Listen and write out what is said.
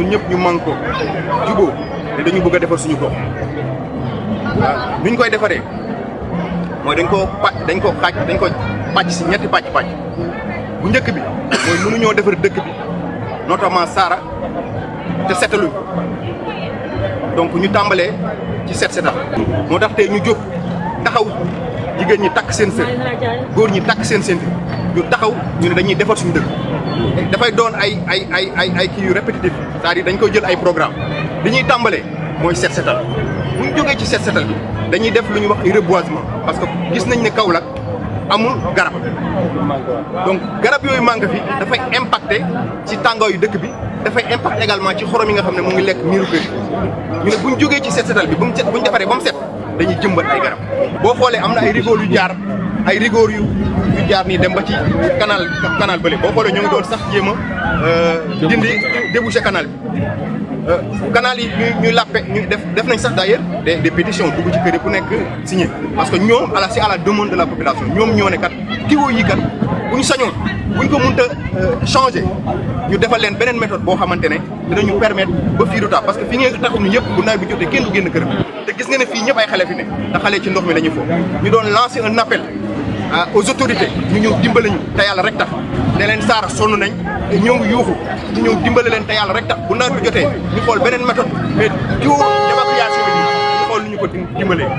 ñun ñëpp ñu man ko jubóo te dañu bugg a defar suñu gox waaw ni koy defaree mooy dañ koo pàcc dañ koo xaaj dañ ko pàcc si ñetti pàcc pàcc bu njëkk bi mooy ñoo defar dëkk bi notamment Saara te setaluñ ko ñu tàmbalee ci set setal moo tax ñu jóg taxaw jigéen ñi takk seen sër góor ñi takk seen seen ñu taxaw ñu ne dañuy defar suñu dëkk. dafay doon ay ay ay ay kii yu répétitif cest à dañ koy jël ay programme li ñuy tàmbalee mooy set setal bu ñu jógee ci set setal bi dañuy def lu ñuy wax reboisement parce que gis nañ ne Kaolack amul garab donc garab yooyu manque fi dafay impacté ci tàngooyu dëkk bi dafay impacté également ci xorom yi nga xam ne mu ngi lekk miiru kër ñu ne bu jógee ci set setal bi bu mu set bu ñu defaree ba set. dañuy jëmbat ay garab boo xoolee am na ay rigoor yu jaar ay rigoor yu yu jaar nii dem ba ci canal bale bële boo xoolee ñu ngi doon sax jéem a euh, dindi débouché canal bi euh, canal yi ñu ñuy làppe ñu def def nañ sax d'ailleurs des des pétitions ci kër yi ku nekk signé parce que ñoom ala si à la demande de la population ñoom ñoo tuyaux yi kat bu ñu sañoon bu ñu ko mënta euh, changer ñu defal leen beneen méthode boo xamante ne dinañu permettre ba fii du parce que fi ngeen taxul ñu yëpp bu nawet bi jotee kenn du génn këram te gis nga ne fii ñëpp ay xale fi ne te xale ci ndox mi la ñuy foofu ñu doon lancer un appel euh, aux autorités ñu ñëw dimbale ñu te yàlla rek tax ne leen saara sonn nañ te ñoo ngi yuuxu ñu ñëw dimbale leen te yàlla rek tax bu nawet bi jotee ñu xool beneen méthode mais tuyaux d'évacuation bi ñu xool lu ñu ko dimbalee